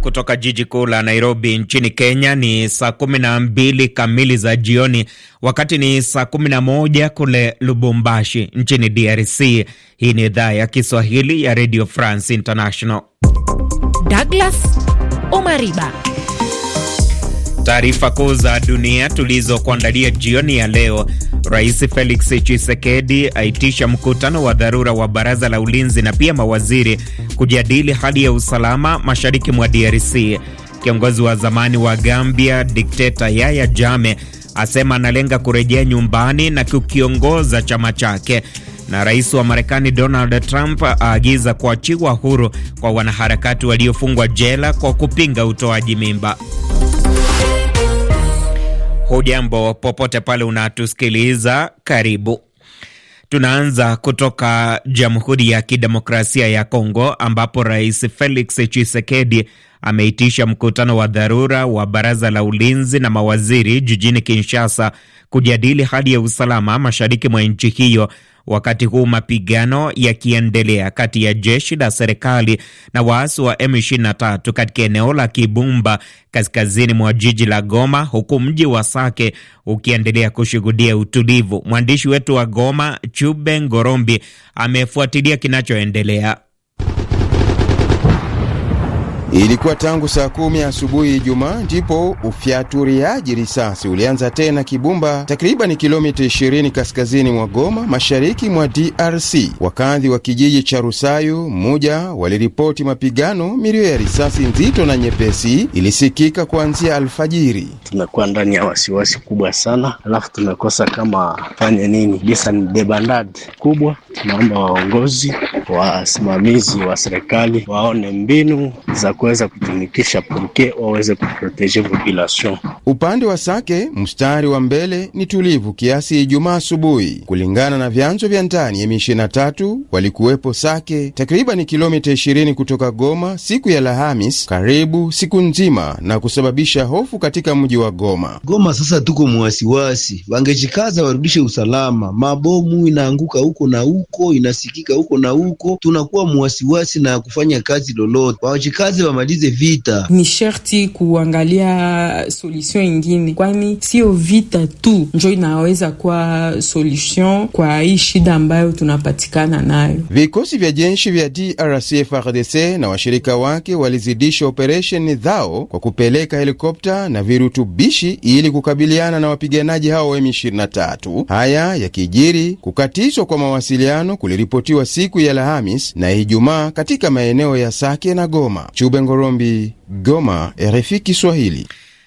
kutoka jiji kuu la Nairobi nchini Kenya. Ni saa kumi na mbili kamili za jioni, wakati ni saa kumi na moja kule Lubumbashi nchini DRC. Hii ni idhaa ya Kiswahili ya Radio France International. Douglas Omariba, taarifa kuu za dunia tulizokuandalia jioni ya leo Rais Felix Chisekedi aitisha mkutano wa dharura wa baraza la ulinzi na pia mawaziri kujadili hali ya usalama mashariki mwa DRC. Kiongozi wa zamani wa Gambia dikteta Yaya Jame asema analenga kurejea nyumbani na kukiongoza chama chake. Na rais wa Marekani Donald Trump aagiza kuachiwa huru kwa wanaharakati waliofungwa jela kwa kupinga utoaji mimba. Hujambo popote pale unatusikiliza, karibu. Tunaanza kutoka Jamhuri ya Kidemokrasia ya Kongo ambapo Rais Felix Tshisekedi ameitisha mkutano wa dharura wa baraza la ulinzi na mawaziri jijini Kinshasa kujadili hali ya usalama mashariki mwa nchi hiyo wakati huu mapigano yakiendelea kati ya jeshi la serikali na waasi wa M23 katika eneo la Kibumba kaskazini mwa jiji la Goma, huku mji wa Sake ukiendelea kushuhudia utulivu. Mwandishi wetu wa Goma Chube Ngorombi amefuatilia kinachoendelea. Ilikuwa tangu saa kumi asubuhi Ijumaa ndipo ufyaturiaji risasi ulianza tena Kibumba, takriban kilomita 20 kaskazini mwa Goma, mashariki mwa DRC. Wakazi wa kijiji cha Rusayu moja waliripoti mapigano, milio ya risasi nzito na nyepesi ilisikika kuanzia alfajiri. Tumekuwa ndani ya wasiwasi kubwa sana, alafu tumekosa kama fanye nini. Bisa ni debandad kubwa. Tunaomba waongozi, wasimamizi wa serikali waone mbinu za kuweza kutumikisha purke waweze kuproteje population. Upande wa Sake, mstari wa mbele ni tulivu kiasi Ijumaa asubuhi, kulingana na vyanzo vya ndani. M23 walikuwepo Sake takriban kilomita 20 kutoka Goma siku ya Lahamis, karibu siku nzima na kusababisha hofu katika mji wa Goma. Goma sasa tuko mwasiwasi, wangejikaza warudishe usalama. Mabomu inaanguka huko na huko, inasikika huko na huko, tunakuwa mwasiwasi na kufanya kazi lolote wawajikazi wamalize vita. Ni sherti kuangalia solution ingine, kwani sio vita tu njo inaweza kuwa solution kwa hii shida ambayo tunapatikana nayo. Vikosi vya jeshi vya DRC FARDC na washirika wake walizidisha operesheni zao kwa kupeleka helikopta na virutubishi ili kukabiliana na wapiganaji hao wa M23. Haya yakijiri kukatizwa kwa mawasiliano kuliripotiwa siku ya Alhamis na Ijumaa katika maeneo ya Sake na Goma. Chube Ngorombi, Goma, RFI Kiswahili.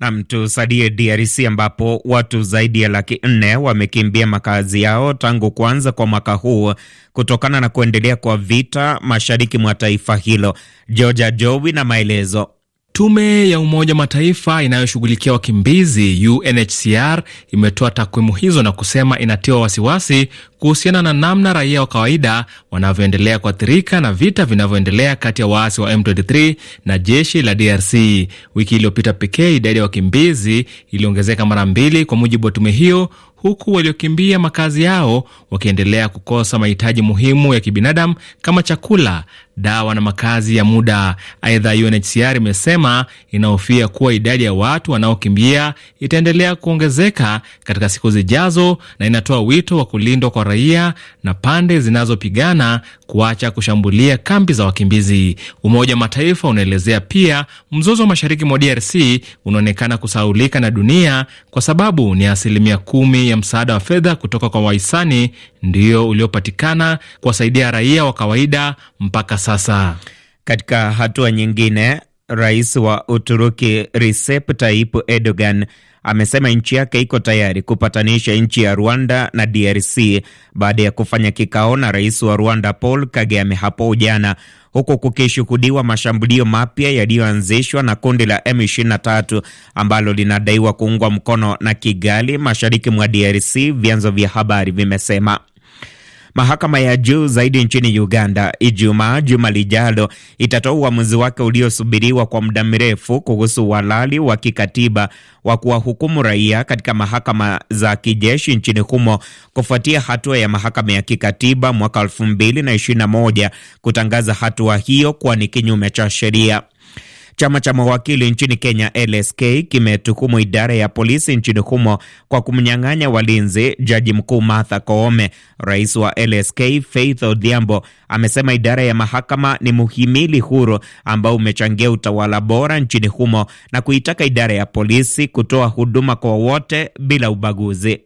Nam, tusalie DRC ambapo watu zaidi ya laki nne wamekimbia makazi yao tangu kuanza kwa mwaka huu kutokana na kuendelea kwa vita mashariki mwa taifa hilo. Georgia Jowi na maelezo Tume ya Umoja Mataifa inayoshughulikia wakimbizi UNHCR imetoa takwimu hizo na kusema inatiwa wasiwasi kuhusiana na namna raia wa kawaida wanavyoendelea kuathirika na vita vinavyoendelea kati ya waasi wa M23 na jeshi la DRC. Wiki iliyopita pekee idadi ya wakimbizi iliongezeka mara mbili kwa mujibu wa tume hiyo, huku waliokimbia makazi yao wakiendelea kukosa mahitaji muhimu ya kibinadamu kama chakula, dawa na makazi ya muda. Aidha, UNHCR imesema inahofia kuwa idadi ya watu wanaokimbia itaendelea kuongezeka katika siku zijazo, na inatoa wito wa kulindwa kwa raia na pande zinazopigana kuacha kushambulia kambi za wakimbizi. Umoja wa Mataifa unaelezea pia mzozo wa mashariki mwa DRC unaonekana kusahaulika na dunia kwa sababu ni asilimia kumi ya msaada wa fedha kutoka kwa wahisani ndio uliopatikana kuwasaidia raia wa kawaida mpaka sasa. Katika hatua nyingine, rais wa Uturuki Recep Tayyip Erdogan amesema nchi yake iko tayari kupatanisha nchi ya Rwanda na DRC baada ya kufanya kikao na rais wa Rwanda Paul Kagame hapo jana, huku kukishuhudiwa mashambulio mapya yaliyoanzishwa na kundi la M23 ambalo linadaiwa kuungwa mkono na Kigali, mashariki mwa DRC, vyanzo vya habari vimesema. Mahakama ya juu zaidi nchini Uganda Ijumaa juma lijalo itatoa uamuzi wake uliosubiriwa kwa muda mrefu kuhusu uhalali wa kikatiba wa kuwahukumu raia katika mahakama za kijeshi nchini humo kufuatia hatua ya mahakama ya kikatiba mwaka 2021 kutangaza hatua hiyo kuwa ni kinyume cha sheria. Chama cha mawakili nchini Kenya, LSK, kimetuhumu idara ya polisi nchini humo kwa kumnyang'anya walinzi jaji mkuu Martha Koome. Rais wa LSK Faith Odhiambo amesema idara ya mahakama ni muhimili huru ambao umechangia utawala bora nchini humo na kuitaka idara ya polisi kutoa huduma kwa wote bila ubaguzi.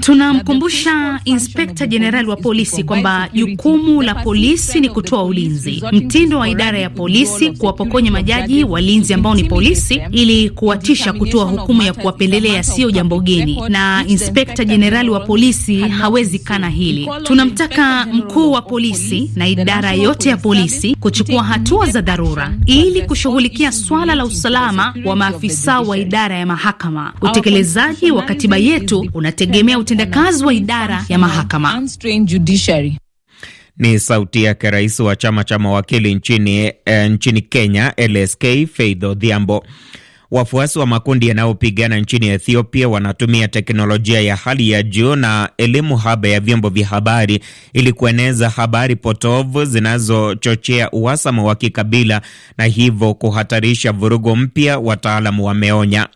Tunamkumbusha inspekta jenerali wa polisi kwamba jukumu la polisi ni kutoa ulinzi. Mtindo wa idara ya polisi kuwapokonya majaji walinzi ambao ni polisi ili kuwatisha kutoa hukumu ya kuwapendelea siyo jambo geni, na inspekta jenerali wa polisi hawezi kana hili. Tunamtaka mkuu wa polisi na idara yote ya polisi kuchukua hatua za dharura ili kushughulikia swala la usalama wa maafisa wa idara ya mahakama, utekelezaji wa katiba yetu unategemea utendakazi wa idara ya mahakama. Ni sauti yake rais wa chama cha mawakili nchini, eh, nchini Kenya LSK Faith Odhiambo. Wafuasi wa makundi yanayopigana nchini Ethiopia wanatumia teknolojia ya hali ya juu na elimu haba ya vyombo vya habari ili kueneza habari potovu zinazochochea uhasama wa kikabila na hivyo kuhatarisha vurugu mpya, wataalamu wameonya.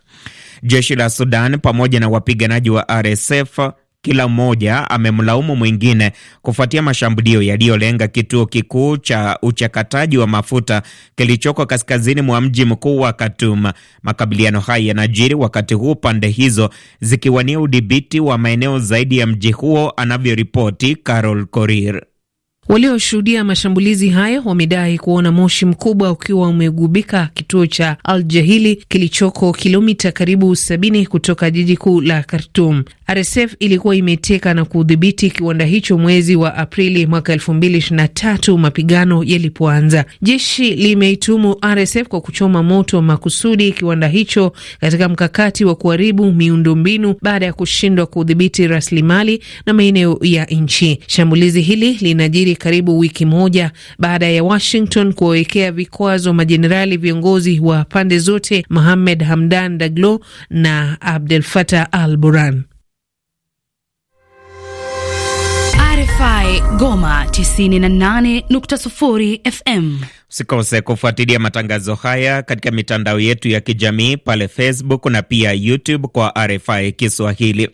Jeshi la Sudan pamoja na wapiganaji wa RSF kila mmoja amemlaumu mwingine kufuatia mashambulio yaliyolenga kituo kikuu cha uchakataji wa mafuta kilichoko kaskazini mwa mji mkuu wa Khartoum. Makabiliano haya yanajiri wakati huu pande hizo zikiwania udhibiti wa maeneo zaidi ya mji huo, anavyoripoti Carol Korir. Walioshuhudia mashambulizi hayo wamedai kuona moshi mkubwa ukiwa umegubika kituo cha Al Jahili kilichoko kilomita karibu 70 kutoka jiji kuu la khartum RSF ilikuwa imeteka na kudhibiti kiwanda hicho mwezi wa Aprili mwaka 2023 mapigano yalipoanza. Jeshi limeitumu RSF kwa kuchoma moto makusudi kiwanda hicho katika mkakati wa kuharibu miundombinu baada ya kushindwa kudhibiti rasilimali na maeneo ya nchi. Shambulizi hili linajiri karibu wiki moja baada ya Washington kuwawekea vikwazo majenerali viongozi wa pande zote Mohamed Hamdan Daglo na Abdel Fattah al-Burhan. RFI Goma 98.0 FM. Usikose kufuatilia matangazo haya katika mitandao yetu ya kijamii pale Facebook na pia YouTube kwa RFI Kiswahili.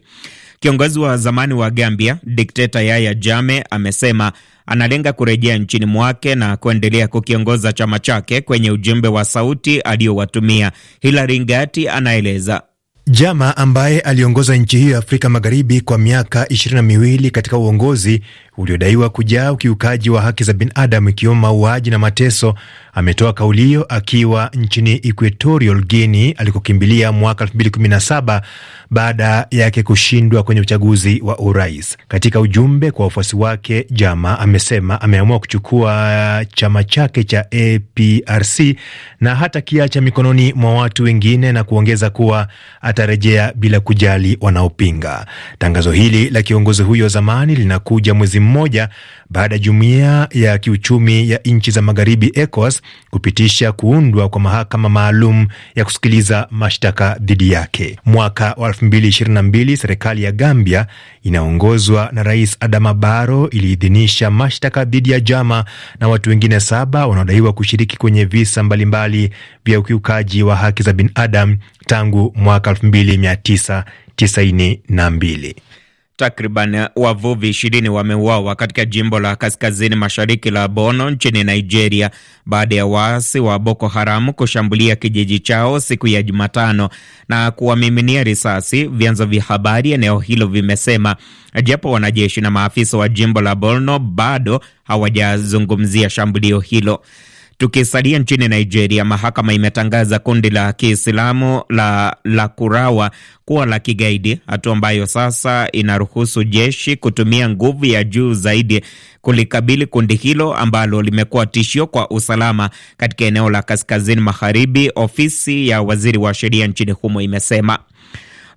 Kiongozi wa zamani wa Gambia, dikteta Yaya Jame amesema analenga kurejea nchini mwake na kuendelea kukiongoza chama chake kwenye ujumbe wa sauti aliyowatumia. Hilari Ngati anaeleza. Jama ambaye aliongoza nchi hiyo ya Afrika Magharibi kwa miaka ishirini na miwili katika uongozi uliodaiwa kujaa ukiukaji wa haki za binadamu ikiwemo mauaji na mateso, ametoa kauli hiyo akiwa nchini Equatorial Guinea alikokimbilia mwaka 2017 baada yake kushindwa kwenye uchaguzi wa urais. Katika ujumbe kwa wafuasi wake, Jama amesema ameamua kuchukua chama chake cha APRC na hata kiacha mikononi mwa watu wengine, na kuongeza kuwa atarejea bila kujali wanaopinga. Tangazo hili la kiongozi huyo zamani linakuja mwezi mwezi mmoja baada ya jumuiya ya kiuchumi ya nchi za magharibi ECOWAS kupitisha kuundwa kwa mahakama maalum ya kusikiliza mashtaka dhidi yake. Mwaka wa 2022 serikali ya Gambia inaongozwa na Rais Adama Barrow iliidhinisha mashtaka dhidi ya Jama na watu wengine saba wanaodaiwa kushiriki kwenye visa mbalimbali vya ukiukaji wa haki za binadamu tangu mwaka 1992. Takriban wavuvi ishirini wameuawa katika jimbo la kaskazini mashariki la bono nchini Nigeria baada ya waasi wa Boko Haram kushambulia kijiji chao siku ya Jumatano na kuwamiminia risasi, vyanzo vya habari eneo hilo vimesema, japo wanajeshi na maafisa wa jimbo la Borno bado hawajazungumzia shambulio hilo. Tukisalia nchini Nigeria, mahakama imetangaza kundi la Kiislamu la Lakurawa kuwa la kigaidi, hatua ambayo sasa inaruhusu jeshi kutumia nguvu ya juu zaidi kulikabili kundi hilo ambalo limekuwa tishio kwa usalama katika eneo la kaskazini magharibi, ofisi ya waziri wa sheria nchini humo imesema.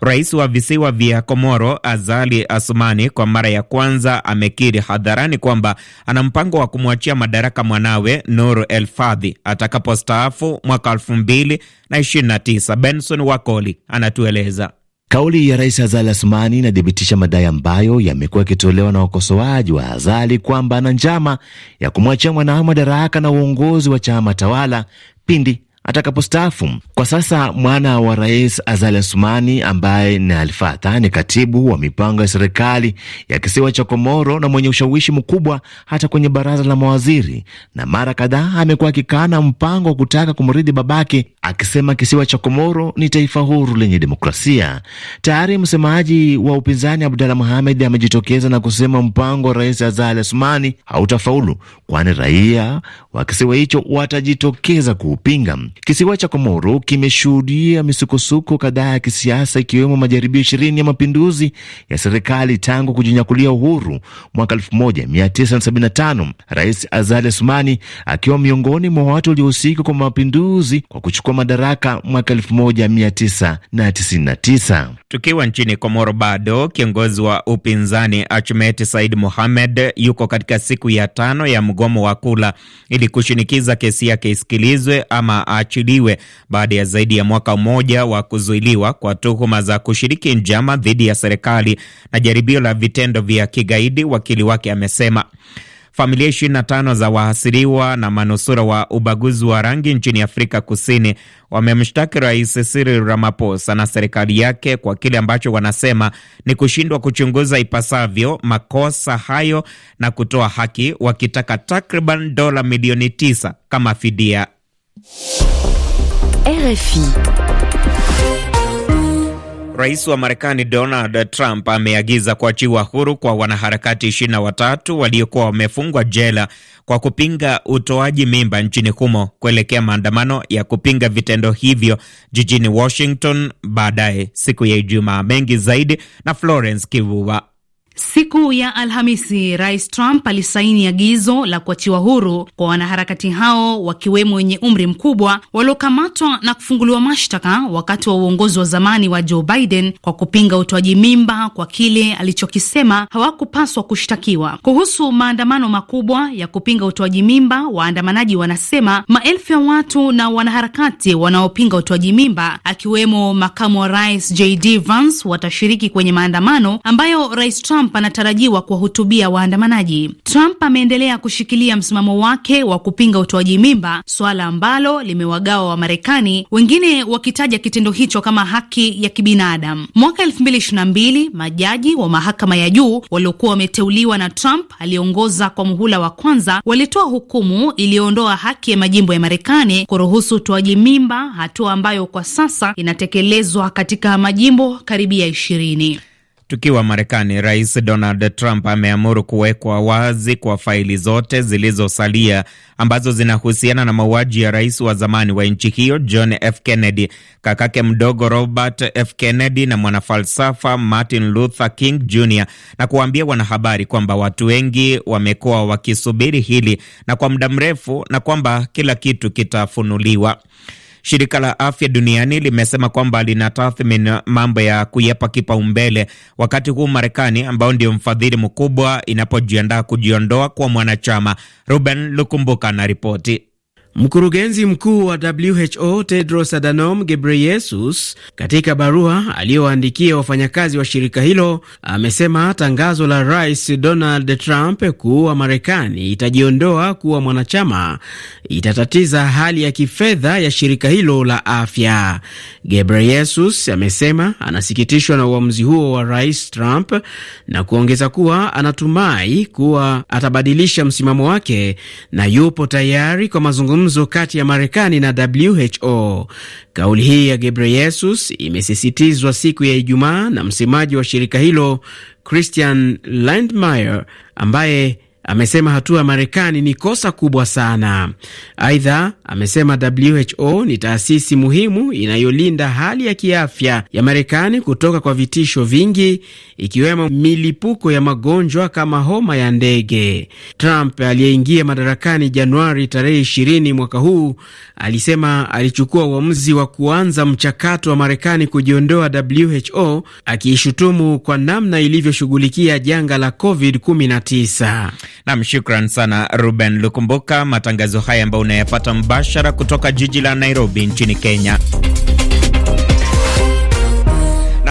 Rais wa visiwa vya Komoro Azali Asumani kwa mara ya kwanza amekiri hadharani kwamba ana mpango wa kumwachia madaraka mwanawe Nur El Fadhi atakapostaafu mwaka elfu mbili na ishirini na tisa. Benson Wakoli anatueleza. Kauli ya Rais Azali Asumani inathibitisha madai ambayo yamekuwa yakitolewa na wakosoaji wa Azali kwamba ana njama ya kumwachia mwanawe madaraka na uongozi wa chama tawala pindi atakapostaafu. Kwa sasa mwana wa rais Azali Asumani ambaye ni Alfata ni katibu wa mipango ya serikali ya kisiwa cha Komoro na mwenye ushawishi mkubwa hata kwenye baraza la mawaziri, na mara kadhaa amekuwa akikana mpango wa kutaka kumrithi babake, akisema kisiwa cha Komoro ni taifa huru lenye demokrasia. Tayari msemaji wa upinzani Abdalla Muhamed amejitokeza na kusema mpango wa rais Azali Asumani hautafaulu, kwani raia wa kisiwa hicho watajitokeza kuupinga. Kisiwa cha Komoro kimeshuhudia misukosuko kadhaa ya kisiasa, ikiwemo majaribio ishirini ya mapinduzi ya serikali tangu kujinyakulia uhuru mwaka 1975, Rais Azali Asumani akiwa miongoni mwa watu waliohusika kwa mapinduzi kwa kuchukua madaraka mwaka 1999. Tukiwa nchini Komoro bado, kiongozi wa upinzani Achmet Said Mohamed yuko katika siku ya tano ya mgomo wa kula ili kushinikiza kesi yake isikilizwe ama aachiliwe baada ya zaidi ya mwaka mmoja wa kuzuiliwa kwa tuhuma za kushiriki njama dhidi ya serikali na jaribio la vitendo vya kigaidi, wakili wake amesema. Familia 25 za wahasiriwa na manusura wa ubaguzi wa rangi nchini Afrika Kusini wamemshtaki Rais Cyril Ramaphosa na serikali yake kwa kile ambacho wanasema ni kushindwa kuchunguza ipasavyo makosa hayo na kutoa haki, wakitaka takriban dola milioni tisa kama fidia. RFI. Rais wa Marekani Donald Trump ameagiza kuachiwa huru kwa wanaharakati ishirini na watatu waliokuwa wamefungwa jela kwa kupinga utoaji mimba nchini humo kuelekea maandamano ya kupinga vitendo hivyo jijini Washington baadaye siku ya Ijumaa. Mengi zaidi na Florence Kivuva. Siku ya Alhamisi, Rais Trump alisaini agizo la kuachiwa huru kwa wanaharakati hao wakiwemo wenye umri mkubwa waliokamatwa na kufunguliwa mashtaka wakati wa uongozi wa zamani wa Joe Biden kwa kupinga utoaji mimba kwa kile alichokisema hawakupaswa kushtakiwa. Kuhusu maandamano makubwa ya kupinga utoaji mimba, waandamanaji wanasema maelfu ya watu na wanaharakati wanaopinga utoaji mimba akiwemo makamu wa rais JD Vance watashiriki kwenye maandamano ambayo Rais Trump Trump anatarajiwa kuwahutubia waandamanaji. Trump ameendelea kushikilia msimamo wake wa kupinga utoaji mimba, suala ambalo limewagawa wa marekani wengine wakitaja kitendo hicho kama haki ya kibinadamu. Mwaka mbili majaji wa mahakama ya juu waliokuwa wameteuliwa na Trump aliongoza kwa muhula wa kwanza walitoa hukumu iliyoondoa haki ya majimbo ya Marekani kuruhusu utoaji mimba, hatua ambayo kwa sasa inatekelezwa katika majimbo karibia ishirini. Tukiwa Marekani, Rais Donald Trump ameamuru kuwekwa wazi kwa faili zote zilizosalia ambazo zinahusiana na mauaji ya rais wa zamani wa nchi hiyo John F. Kennedy, kakake mdogo Robert F. Kennedy na mwanafalsafa Martin Luther King Jr, na kuwaambia wanahabari kwamba watu wengi wamekuwa wakisubiri hili na kwa muda mrefu na kwamba kila kitu kitafunuliwa. Shirika la Afya Duniani limesema kwamba linatathmini mambo ya kuyapa kipaumbele, wakati huu Marekani ambao ndio mfadhili mkubwa inapojiandaa kujiondoa kwa mwanachama. Ruben Lukumbuka na ripoti. Mkurugenzi mkuu wa WHO Tedros Adhanom Ghebreyesus, katika barua aliyoandikia wafanyakazi wa shirika hilo, amesema tangazo la Rais Donald Trump kuwa Marekani itajiondoa kuwa mwanachama itatatiza hali ya kifedha ya shirika hilo la afya. Ghebreyesus amesema anasikitishwa na uamuzi huo wa Rais Trump na kuongeza kuwa anatumai kuwa atabadilisha msimamo wake na yupo tayari kwa mazungumzo mazungumzo kati ya Marekani na WHO. Kauli hii ya Gebreyesus imesisitizwa siku ya Ijumaa na msemaji wa shirika hilo Christian Lindmeier ambaye amesema hatua ya Marekani ni kosa kubwa sana. Aidha, amesema WHO ni taasisi muhimu inayolinda hali ya kiafya ya Marekani kutoka kwa vitisho vingi, ikiwemo milipuko ya magonjwa kama homa ya ndege. Trump aliyeingia madarakani Januari tarehe 20 mwaka huu alisema alichukua uamuzi wa kuanza mchakato wa Marekani kujiondoa WHO, akiishutumu kwa namna ilivyoshughulikia janga la COVID-19. Nam, shukran sana Ruben Lukumbuka. Matangazo haya ambayo unayapata mbashara kutoka jiji la Nairobi nchini Kenya.